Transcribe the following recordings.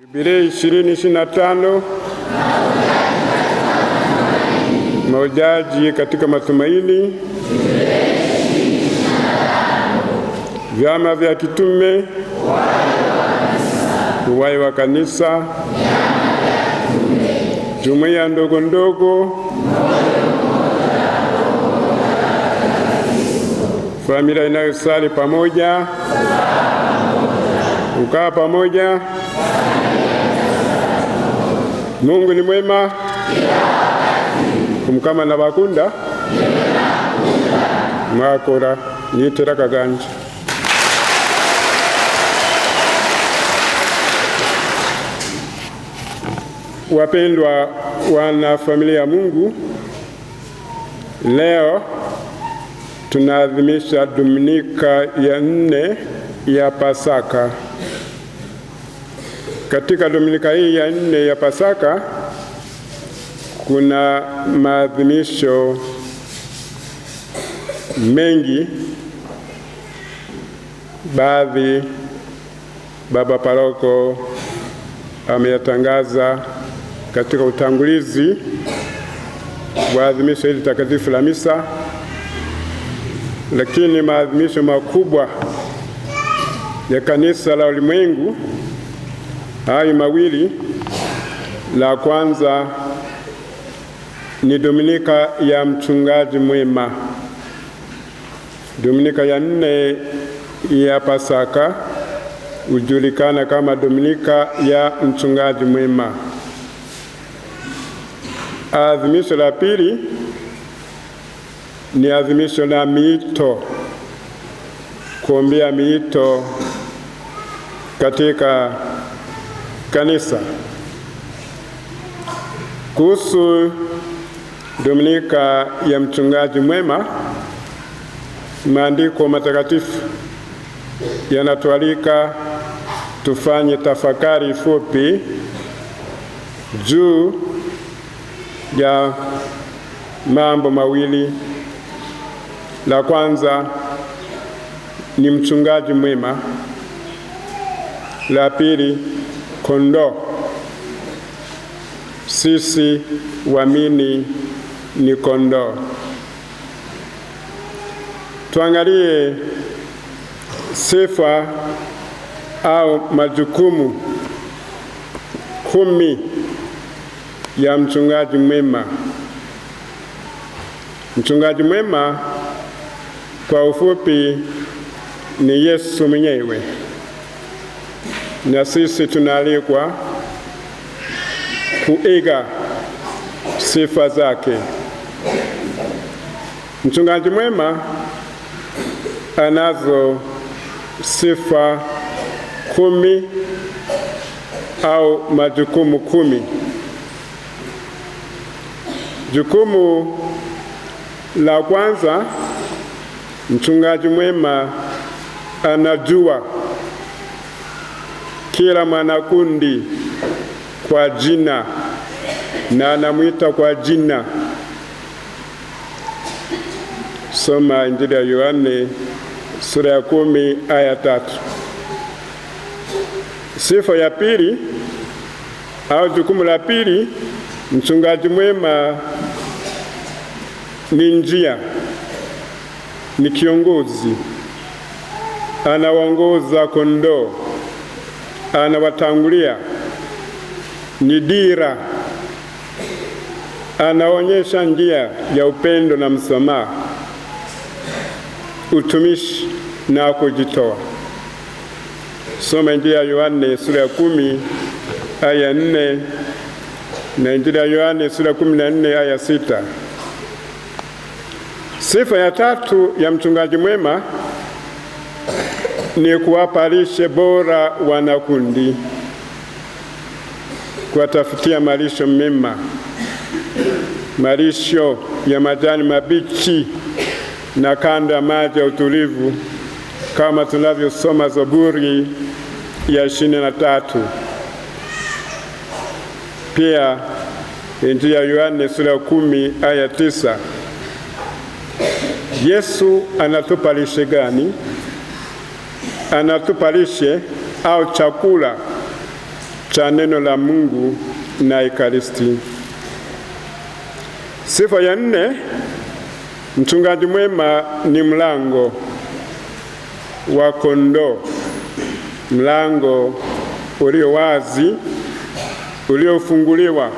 Jubilei 2025 mahujaji katika matumaini, vyama vya kitume, uwai wa kanisa, jumuiya ndogo ndogo, familia inayosali pamoja, ukaa pamoja Mungu ni mwema na nabakunda mwakora nitera ganje wapendwa wana familia ya Mungu leo tunaadhimisha Dominika ya nne ya Pasaka katika dominika hii ya nne ya Pasaka kuna maadhimisho mengi. Baadhi baba paroko ameyatangaza katika utangulizi wa adhimisho hili takatifu la misa, lakini maadhimisho makubwa ya kanisa la ulimwengu hayo mawili. La kwanza ni Dominika ya mchungaji mwema, Dominika ya nne ya Pasaka hujulikana kama Dominika ya mchungaji mwema. Adhimisho la pili ni adhimisho la miito, kuombea miito katika Kanisa kuhusu Dominika ya mchungaji mwema, maandiko matakatifu yanatualika tufanye tafakari fupi juu ya mambo mawili. La kwanza ni mchungaji mwema, la pili kondoo. Sisi waamini ni kondoo. Tuangalie sifa au majukumu kumi ya mchungaji mwema. Mchungaji mwema kwa ufupi ni Yesu mwenyewe na sisi tunaalikwa kuiga sifa zake. Mchungaji mwema anazo sifa kumi au majukumu kumi. Jukumu la kwanza, mchungaji mwema anajua kila mwanakundi kwa jina na anamwita kwa jina. Soma Injili ya Yohane sura ya kumi aya tatu. Sifa ya pili au jukumu la pili, mchungaji mwema ni njia, ni kiongozi, anawaongoza kondoo anawatangulia, ni dira, anaonyesha njia ya upendo na msamaha, utumishi na kujitoa. Soma Injili ya Yohane sura ya kumi aya nne na Injili ya Yohane sura ya kumi na nne aya sita. Sifa ya tatu ya mchungaji mwema ni kuwapa lishe bora wanakundi, kuwatafutia malisho mema, malisho ya majani mabichi na kando ya maji ya utulivu, kama tunavyosoma Zaburi ya ishirini na tatu. Pia Injili ya Yohane sura ya kumi aya tisa. Yesu anatupa lishe gani? anatupa lishe au chakula cha neno la Mungu na Ekaristi. Sifa ya nne, mchungaji mwema ni mlango wa kondoo, mlango ulio wazi uliofunguliwa.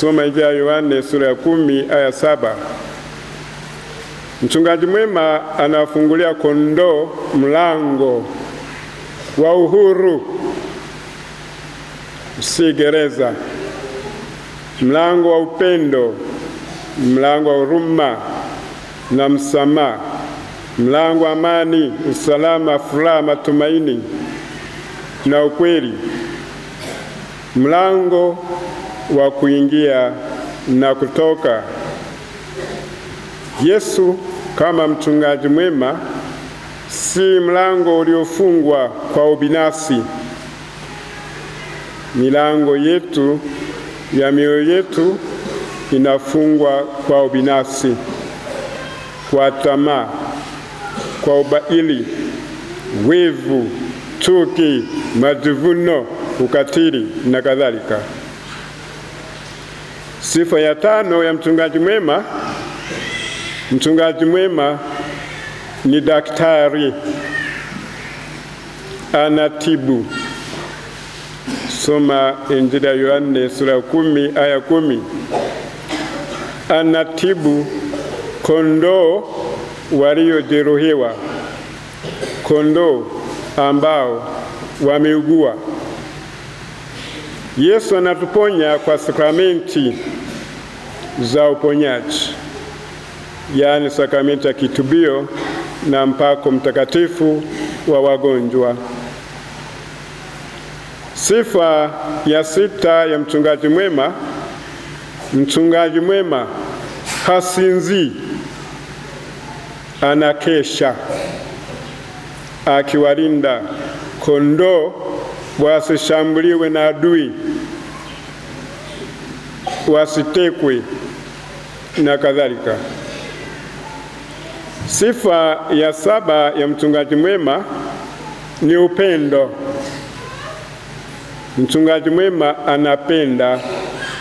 Soma Injili ya Yohane sura ya kumi aya saba. Mchungaji mwema anafungulia kondoo mlango wa uhuru, si gereza, mlango wa upendo, mlango wa huruma na msamaha, mlango wa amani, usalama, furaha, matumaini na ukweli, mlango wa kuingia na kutoka. Yesu kama mchungaji mwema, si mlango uliofungwa kwa ubinafsi. Milango yetu ya mioyo yetu inafungwa kwa ubinafsi, kwa tamaa, kwa ubaili, wivu, chuki, majivuno, ukatili na kadhalika. Sifa ya tano ya mchungaji mwema Mchungaji mwema ni daktari, anatibu. Soma Injili ya Yohane sura ya kumi aya kumi. Anatibu kondoo waliojeruhiwa, kondoo ambao wameugua. Yesu anatuponya kwa sakramenti za uponyaji yaani sakramenti ya kitubio na mpako mtakatifu wa wagonjwa. Sifa ya sita ya mchungaji mwema. Mchungaji mwema hasinzi anakesha akiwalinda kondoo wasishambuliwe na adui, wasitekwe na kadhalika. Sifa ya saba ya mchungaji mwema ni upendo. Mchungaji mwema anapenda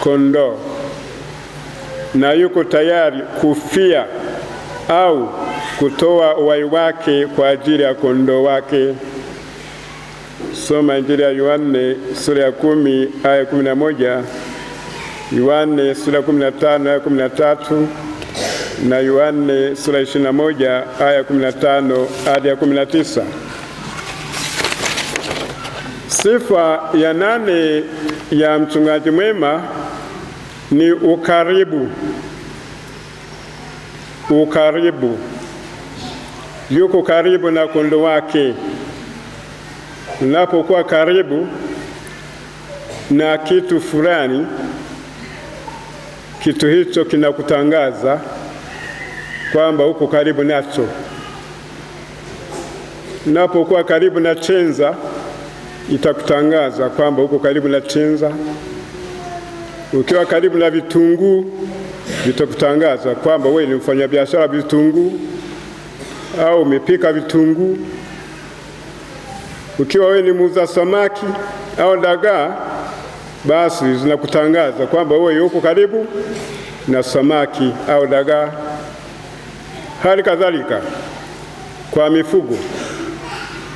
kondoo na yuko tayari kufia au kutoa uhai wake kwa ajili ya kondoo wake. Soma Injili ya Yohane sura ya kumi aya kumi na moja Yohane sura ya kumi na tano aya kumi na tatu na Yohane sura 21 aya 15 hadi ya 19. Sifa ya nane ya mchungaji mwema ni ukaribu. Ukaribu, yuko karibu na kondoo wake. Unapokuwa karibu na kitu fulani, kitu hicho kinakutangaza kwamba uko karibu nacho. napokuwa karibu na chenza, itakutangaza kwamba uko karibu na chenza. Ukiwa karibu na vitunguu, vitakutangaza kwamba wewe ni mfanyabiashara vitunguu au umepika vitunguu. Ukiwa wewe ni muuza samaki au dagaa, basi zinakutangaza kwamba wewe uko karibu na samaki au dagaa. Hali kadhalika kwa mifugo,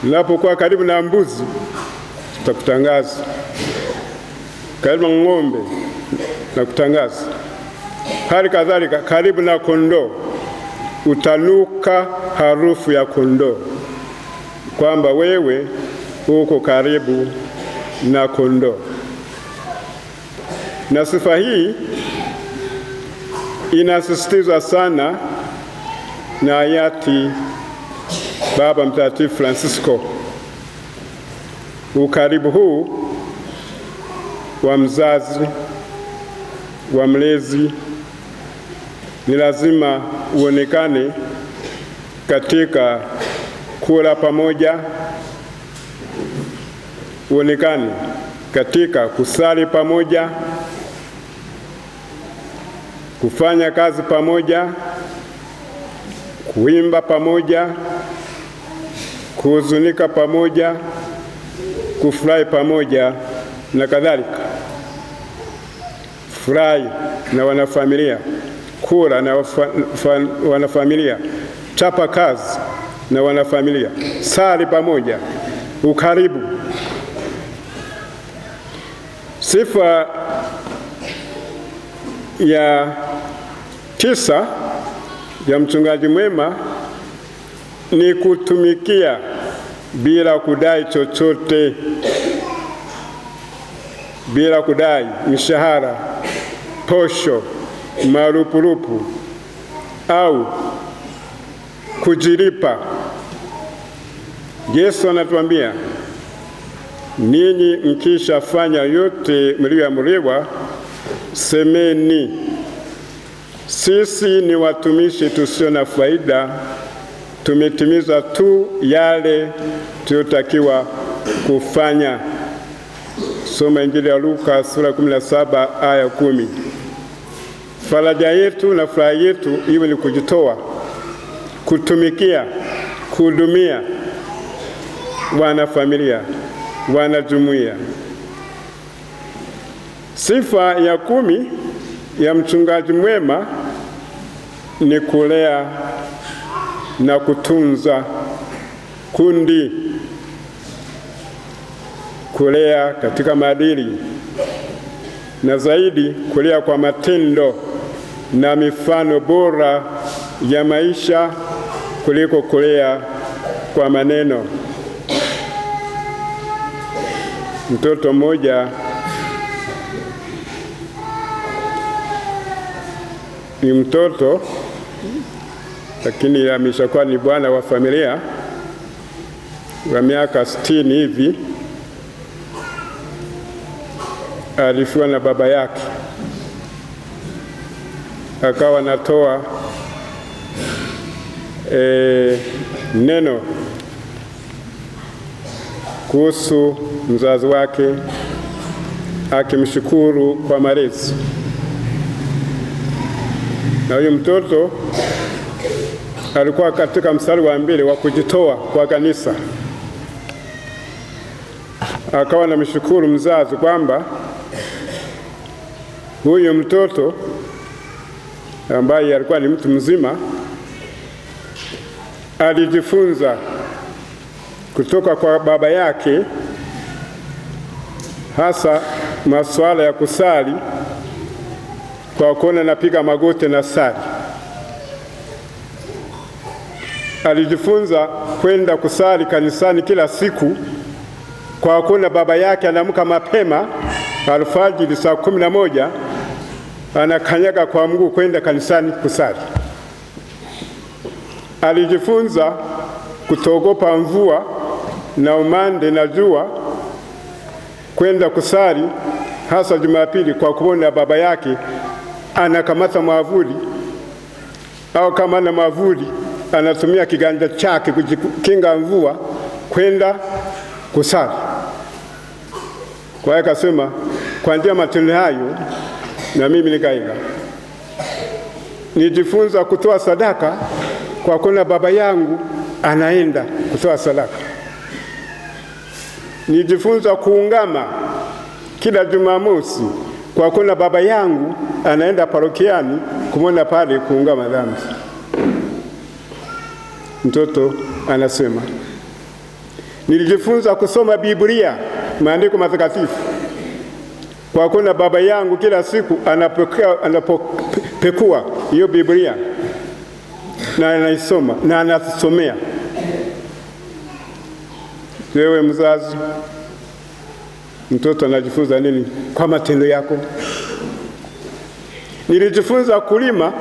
mnapokuwa karibu na mbuzi tutakutangaza, karibu na ng'ombe na kutangaza. Hali kadhalika karibu na kondoo utanuka harufu ya kondoo, kwamba wewe uko karibu na kondoo. Na sifa hii inasisitizwa sana na hayati Baba Mtakatifu Francisco. Ukaribu huu wa mzazi wa mlezi ni lazima uonekane katika kula pamoja, uonekane katika kusali pamoja, kufanya kazi pamoja kuimba pamoja, kuhuzunika pamoja, kufurahi pamoja na kadhalika. Furahi na wanafamilia, kula na wanafamilia, chapa kazi na wanafamilia, sali pamoja, ukaribu. Sifa ya tisa ya mchungaji mwema ni kutumikia bila kudai chochote, bila kudai mshahara, posho, marupurupu au kujilipa. Yesu anatuambia ninyi mkishafanya yote mliyoamriwa, semeni sisi ni watumishi tusio na faida, tumetimiza tu yale tuliyotakiwa kufanya. Soma Injili ya Luka sura 17 aya kumi. Faraja yetu na furaha yetu iwe ni kujitoa, kutumikia, kuhudumia wanafamilia, wanajumuiya. Sifa ya kumi ya mchungaji mwema ni kulea na kutunza kundi, kulea katika maadili na zaidi kulea kwa matendo na mifano bora ya maisha kuliko kulea kwa maneno. Mtoto mmoja ni mtoto lakini ameshakuwa ni bwana wa familia wa miaka sitini hivi. Alifiwa na baba yake, akawa anatoa e, neno kuhusu mzazi wake akimshukuru kwa malezi na huyu mtoto alikuwa katika mstari wa mbili wa kujitoa kwa kanisa. Akawa na mshukuru mzazi kwamba huyu mtoto ambaye alikuwa ni mtu mzima alijifunza kutoka kwa baba yake hasa masuala ya kusali kwa kuona napiga magoti na sali. alijifunza kwenda kusali kanisani kila siku, kwa kuona baba yake anaamka mapema alfajiri saa kumi na moja anakanyaga kwa mguu kwenda kanisani kusali. Alijifunza kutogopa mvua na umande na jua, kwenda kusali hasa Jumapili, kwa kuona baba yake anakamata mwavuli au kama na mwavuli anatumia kiganja chake kujikinga mvua kwenda kusali. Kwa hiyo akasema, kwa njia matendo hayo na mimi nikaiga, nijifunza kutoa sadaka kwa kuna baba yangu anaenda kutoa sadaka. Nijifunza kuungama kila Jumamosi kwa kuna baba yangu anaenda parokiani kumwona pale kuungama dhambi. Mtoto anasema nilijifunza kusoma Biblia, maandiko matakatifu, kwa kuna baba yangu kila siku anapokea anapopekua hiyo Biblia na anaisoma na anasomea. Wewe mzazi, mtoto anajifunza nini kwa matendo yako? Nilijifunza kulima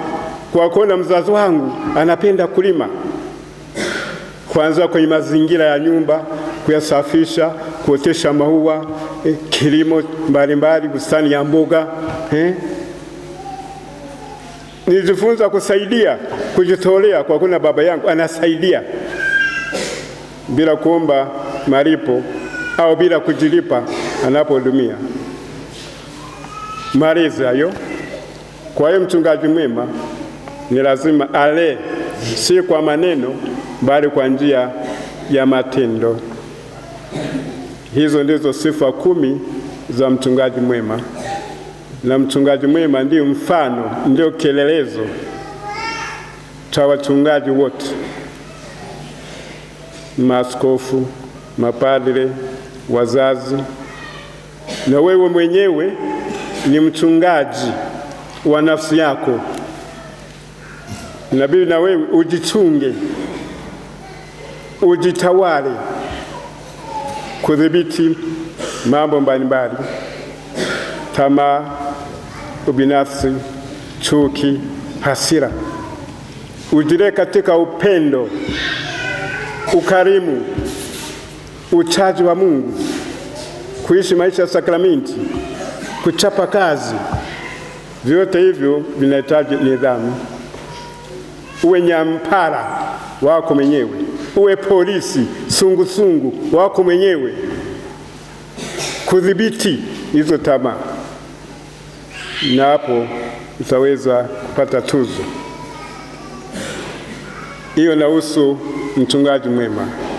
kwa kuona mzazi wangu anapenda kulima kuanzia kwenye mazingira ya nyumba, kuyasafisha, kuotesha maua eh, kilimo mbalimbali, bustani ya mboga eh. Nilijifunza kusaidia, kujitolea, kwa kuna baba yangu anasaidia bila kuomba malipo au bila kujilipa anapohudumia. Malezi hayo. Kwa hiyo mchungaji mwema ni lazima ale, si kwa maneno bali kwa njia ya matendo. Hizo ndizo sifa kumi za mchungaji mwema, na mchungaji mwema ndiyo mfano, ndio kielelezo cha wachungaji wote, maaskofu, mapadre, wazazi, na wewe mwenyewe ni mchungaji wa nafsi yako. Inabidi na wewe ujichunge ujitawale kudhibiti mambo mbalimbali, tamaa, ubinafsi, chuki, hasira. Ujire katika upendo, ukarimu, uchaji wa Mungu, kuishi maisha ya sakramenti, kuchapa kazi. Vyote hivyo vinahitaji nidhamu, uwe nyampara wako mwenyewe uwe polisi sungusungu sungu wako mwenyewe kudhibiti hizo tamaa, na hapo utaweza kupata tuzo hiyo. Nahusu mchungaji mwema.